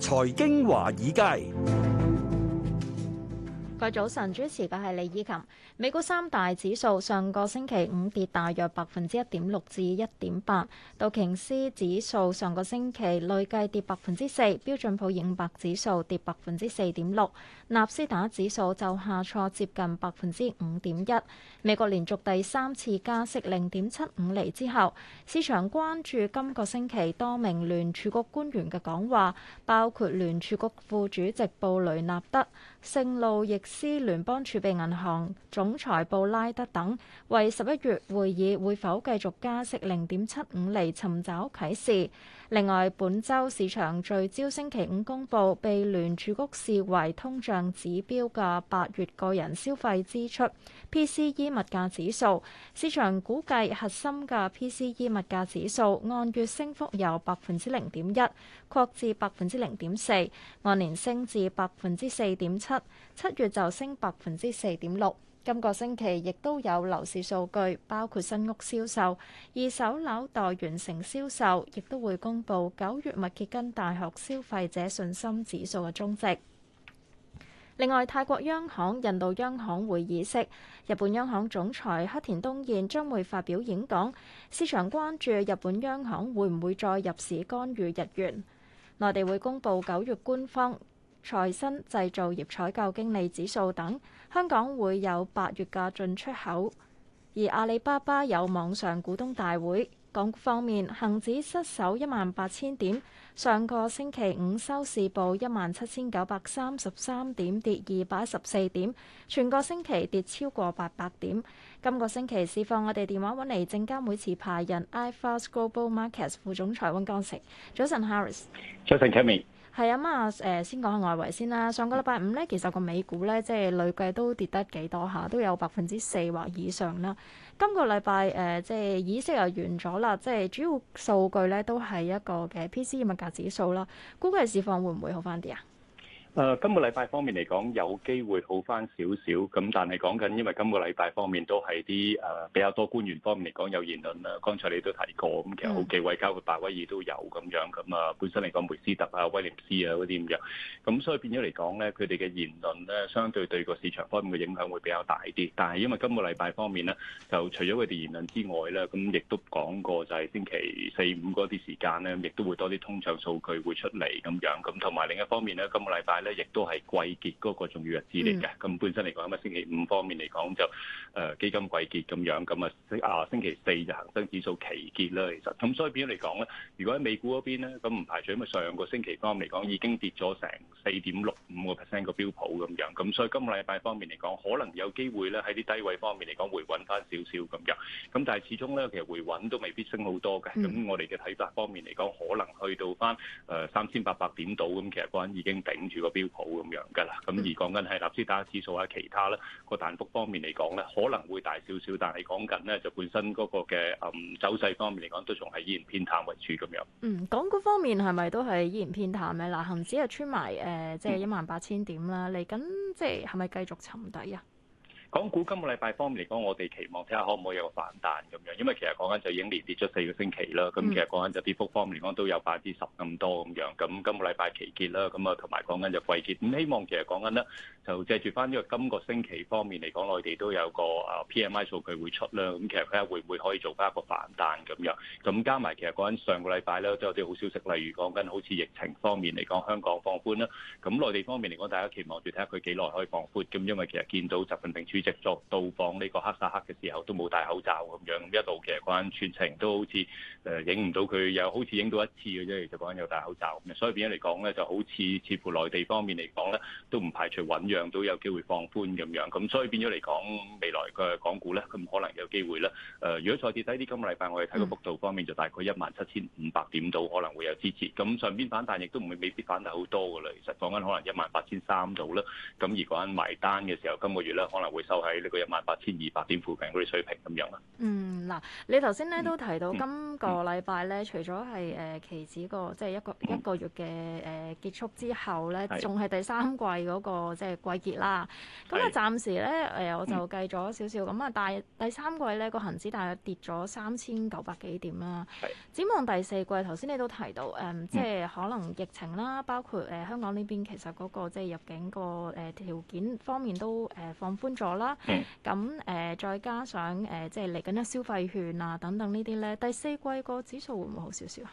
財經華爾街。再早晨，主持嘅係李依琴。美股三大指數上個星期五跌大約百分之一點六至一點八。道瓊斯指數上個星期累計跌百分之四，標準普爾五百指數跌百分之四點六，納斯達克指數就下挫接近百分之五點一。美國連續第三次加息零點七五厘之後，市場關注今個星期多名聯儲局官員嘅講話，包括聯儲局副主席布雷納德、聖路易。斯聯邦儲備銀行總裁布拉德等，為十一月會議會否繼續加息零點七五厘尋找啟示。另外，本週市場聚焦，星期五公布被聯儲局視為通脹指標嘅八月個人消費支出 PCE 物價指數，市場估計核心嘅 PCE 物價指數按月升幅由百分之零點一擴至百分之零點四，按年升至百分之四點七，七月就升百分之四點六。今個星期亦都有樓市數據，包括新屋銷售、二手樓待完成銷售，亦都會公布九月密歇根大學消費者信心指數嘅終值。另外，泰國央行、印度央行會議息，日本央行總裁黑田東彥將會發表演講，市場關注日本央行會唔會再入市干預日元。內地會公布九月官方，財新製造業採購經理指數等，香港會有八月嘅進出口，而阿里巴巴有網上股東大會。港股方面，恒指失守一萬八千點，上個星期五收市報一萬七千九百三十三點，跌二百一十四點，全個星期跌超過八百點。今個星期市況我哋電話揾嚟，證監會持牌人 iFAST Global Markets 副總裁温鋼城，早晨 Harris，早係啊，咁啊，誒先講下外圍先啦。上個禮拜五咧，其實個美股咧，即係累計都跌得幾多下，都有百分之四或以上啦。今個禮拜誒，即係議息又完咗啦，即係主要數據咧都係一個嘅 PCE 物價指數啦。估計市況會唔會好返啲啊？誒、呃，今個禮拜方面嚟講，有機會好返少少。咁但係講緊，因為今個禮拜方面都係啲誒比較多官員方面嚟講有言論啦。剛才你都提過，咁其實好幾位，包括鮑威爾都有咁樣。咁啊，本身嚟講梅斯特啊、威廉斯啊嗰啲咁樣。咁所以變咗嚟講咧，佢哋嘅言論咧，相對對個市場方面嘅影響會比較大啲。但係因為今個禮拜方面咧，就除咗佢哋言論之外咧，咁亦都講過就係星期四五嗰啲時間咧，亦都會多啲通脹數據會出嚟咁樣。咁同埋另一方面咧，今個禮拜，咧亦都係季結嗰個重要日子嚟嘅。咁本身嚟講，今日星期五方面嚟講就誒基金季結咁樣，咁啊啊星期四就恒生指數期結啦。其實咁所以變咗嚟講咧，如果喺美股嗰邊咧，咁唔排除因為上個星期方嚟講已經跌咗成。四點六五個 percent 個標普咁樣，咁所以今個禮拜方面嚟講，可能有機會咧喺啲低位方面嚟講回穩翻少少咁樣。咁但係始終咧，其實回穩都未必升好多嘅。咁、嗯、我哋嘅睇法方面嚟講，可能去到翻誒三千八百點度咁，其實嗰陣已經頂住個標普咁樣㗎啦。咁而講緊係納斯達克指數啊，其他咧個彈幅方面嚟講咧，可能會大少少，但係講緊咧就本身嗰個嘅誒走勢方面嚟講，都仲係依然偏淡為主咁樣。嗯，港股方面係咪都係依然偏淡咧？嗱、啊，恆指係穿埋誒。誒，即係一萬八千點啦，嚟緊即係係咪繼續沉底啊？港股今個禮拜方面嚟講，我哋期望睇下可唔可以有個反彈咁樣，因為其實講緊就已經連跌咗四個星期啦。咁、嗯、其實講緊就跌幅方面嚟講都有百分之十咁多咁樣。咁今個禮拜期結啦，咁啊同埋講緊就季結。咁希望其實講緊咧就借住翻，呢個今個星期方面嚟講，內地都有個啊 P M I 數據會出啦。咁其實睇下會唔會可以做翻一個反彈咁樣。咁加埋其實講緊上個禮拜咧都有啲好消息，例如講緊好似疫情方面嚟講，香港放寬啦。咁內地方面嚟講，大家期望住睇下佢幾耐可以放寬咁，因為其實見到習近平，處，直作到訪呢個黑沙克嘅時候都冇戴口罩咁樣，一度，一路其實講全程都好似誒影唔到佢，又好似影到一次嘅啫。其實講緊有戴口罩，咁所以變咗嚟講咧，就好似似乎內地方面嚟講咧，都唔排除醞釀都有機會放寬咁樣。咁所以變咗嚟講，未來嘅港股咧，佢可能有機會啦。誒、呃，如果再跌低啲，今個禮拜我哋睇個幅度方面就大概一萬七千五百點到可能會有支持。咁上邊反彈亦都未未必反彈好多噶啦。其實講緊可能一萬八千三度啦。咁而講緊埋單嘅時候，今個月咧可能會就喺呢個一萬八千二百點附近嗰啲水平咁樣啦。嗯，嗱，你頭先咧都提到、嗯、今個禮拜咧，除咗係誒期指個即係一個、嗯、一個月嘅誒結束之後咧，仲係是第三季嗰、嗰個即係季結啦。咁啊是，就暫時咧誒，我就計咗少少咁啊，嗯、但係第三季咧個恒指大約跌咗三千九百幾點啦。展是望第四季，頭先你都提到誒、嗯，即係可能疫情啦，包括誒、呃、香港呢邊其實嗰、嗰個即係入境個誒條件方面都誒放寬咗。好啦，咁誒、嗯呃、再加上誒、呃，即係嚟緊嘅消費券啊等等呢啲咧，第四季個指數會唔會好少少啊？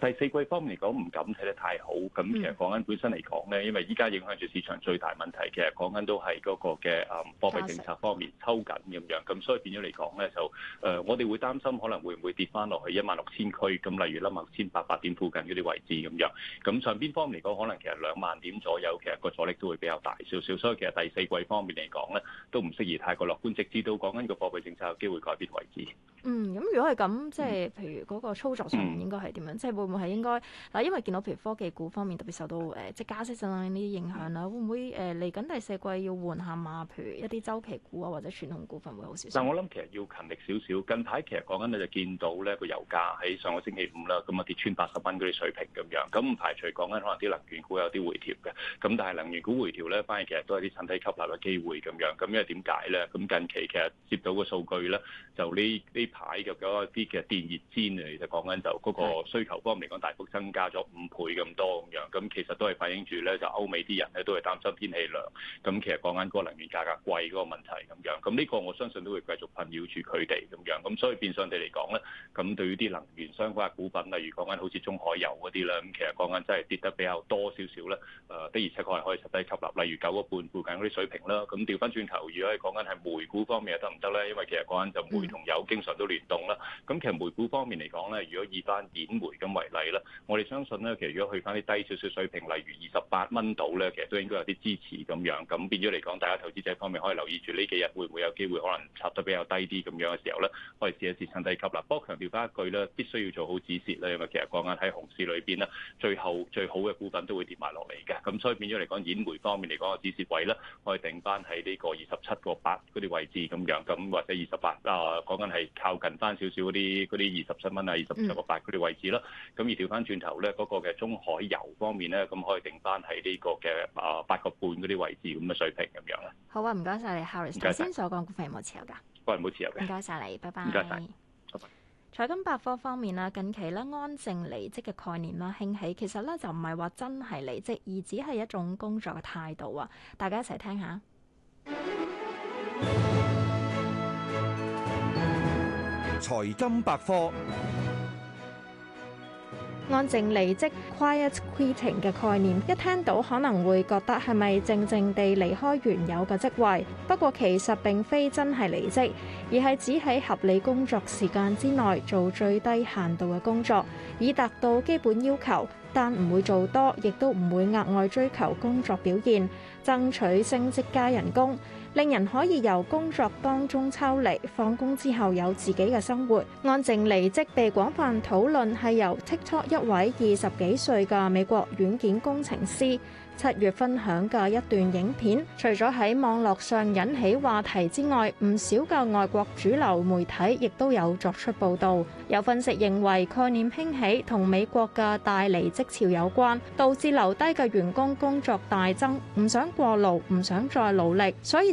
第四季方面嚟講，唔敢睇得太好。咁其實講緊本身嚟講咧，因為依家影響住市場最大問題，其實講緊都係嗰個嘅誒貨幣政策方面抽緊咁樣。咁所以變咗嚟講咧，就誒、呃、我哋會擔心可能會唔會跌翻落去一萬六千區咁，例如一萬六千八百點附近嗰啲位置咁樣。咁上邊方面嚟講，可能其實兩萬點左右，其實個阻力都會比較大少少。所以其實第四季方面嚟講咧，都唔適宜太過樂觀，直至到講緊個貨幣政策有機會改變為止。嗯，咁如果係咁，即係譬如嗰個操作上應該係點樣？即係、嗯嗯會唔會係應該嗱？因為見到譬如科技股方面特別受到誒即係加息等等呢啲影響啦，嗯、會唔會誒嚟緊第四季要換下嘛？譬如一啲周期股啊，或者傳統股份會好少少。但，我諗其實要勤力少少。近排其實講緊你就見到咧，個油價喺上個星期五啦，咁啊跌穿八十蚊嗰啲水平咁樣。咁唔排除講緊可能啲能源股有啲回調嘅，咁但係能源股回調咧，反而其實都係啲身體吸納嘅機會咁樣。咁因為點解咧？咁近期其實接到個數據咧，就呢呢排入咗一啲其實電熱氈啊，其實講緊就嗰個需求。方面嚟講，大幅增加咗五倍咁多咁樣，咁其實都係反映住咧，就歐美啲人咧都係擔心天氣涼，咁其實講緊嗰個能源價格貴嗰個問題咁樣，咁、這、呢個我相信都會繼續困擾住佢哋咁樣，咁所以變相地嚟講咧，咁對於啲能源相關嘅股份，例如講緊好似中海油嗰啲啦，咁其實講緊真係跌得比較多少少啦，誒的而且確係可以實質吸納，例如九個半附近嗰啲水平啦，咁調翻轉頭，如果係講緊係煤股方面又得唔得咧？因為其實講緊就煤同油經常都聯動啦，咁其實煤股方面嚟講咧，如果以翻點煤咁，為例啦，我哋相信咧，其實如果去翻啲低少少水平，例如二十八蚊度咧，其實都應該有啲支持咁樣。咁變咗嚟講，大家投資者方面可以留意住呢幾日會唔會有機會可能插得比較低啲咁樣嘅時候咧，可以試一試趁低吸啦。不過強調翻一句咧，必須要做好止蝕啦，因為其實講緊喺熊市裏邊啦，最後最好嘅股份都會跌埋落嚟嘅。咁所以變咗嚟講，演媒方面嚟講個止蝕位咧，我哋定翻喺呢個二十七個八嗰啲位置咁樣，咁或者二十八啊，講緊係靠近翻少少嗰啲嗰啲二十七蚊啊，二十七個八嗰啲位置咯。咁而調翻轉頭咧，嗰個嘅中海油方面咧，咁可以定翻喺呢個嘅啊八個半嗰啲位置咁嘅水平咁樣咧。好啊，唔該晒你，Harris 頭先所講股份有冇持有㗎？係冇、哎、持有嘅。唔該晒你，拜拜。唔該曬，好。財金百科方面啊，近期咧安靜離職嘅概念啦，興起，其實咧就唔係話真係離職，而只係一種工作嘅態度啊。大家一齊聽下。財金百科。安靜離職 （quiet quitting） 嘅概念，一聽到可能會覺得係咪靜靜地離開原有嘅職位？不過其實並非真係離職，而係只喺合理工作時間之內做最低限度嘅工作，以達到基本要求，但唔會做多，亦都唔會額外追求工作表現，爭取升職加人工。令人可以由工作當中抽離，放工之後有自己嘅生活，安靜離職被廣泛討論，係由 TikTok 一位二十幾歲嘅美國軟件工程師七月分享嘅一段影片。除咗喺網絡上引起話題之外，唔少嘅外國主流媒體亦都有作出報導。有分析認為概念興起同美國嘅大離職潮有關，導致留低嘅員工工作大增，唔想過勞，唔想再努力，所以。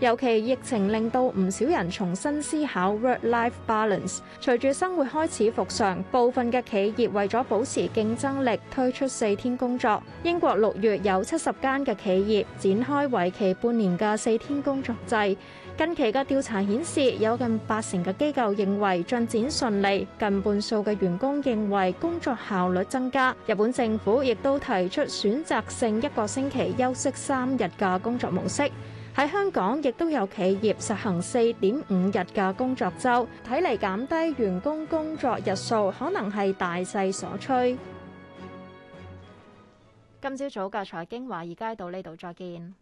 尤其疫情令到唔少人重新思考 work-life balance。隨住生活開始復常，部分嘅企業為咗保持競爭力，推出四天工作。英國六月有七十間嘅企業展開為期半年嘅四天工作制。近期嘅調查顯示，有近八成嘅機構認為進展順利，近半數嘅員工認為工作效率增加。日本政府亦都提出選擇性一個星期休息三日嘅工作模式。喺香港，亦都有企業實行四點五日嘅工作周，睇嚟減低員工工作日數可能係大勢所趨。今朝早嘅財經華爾街到呢度，再見。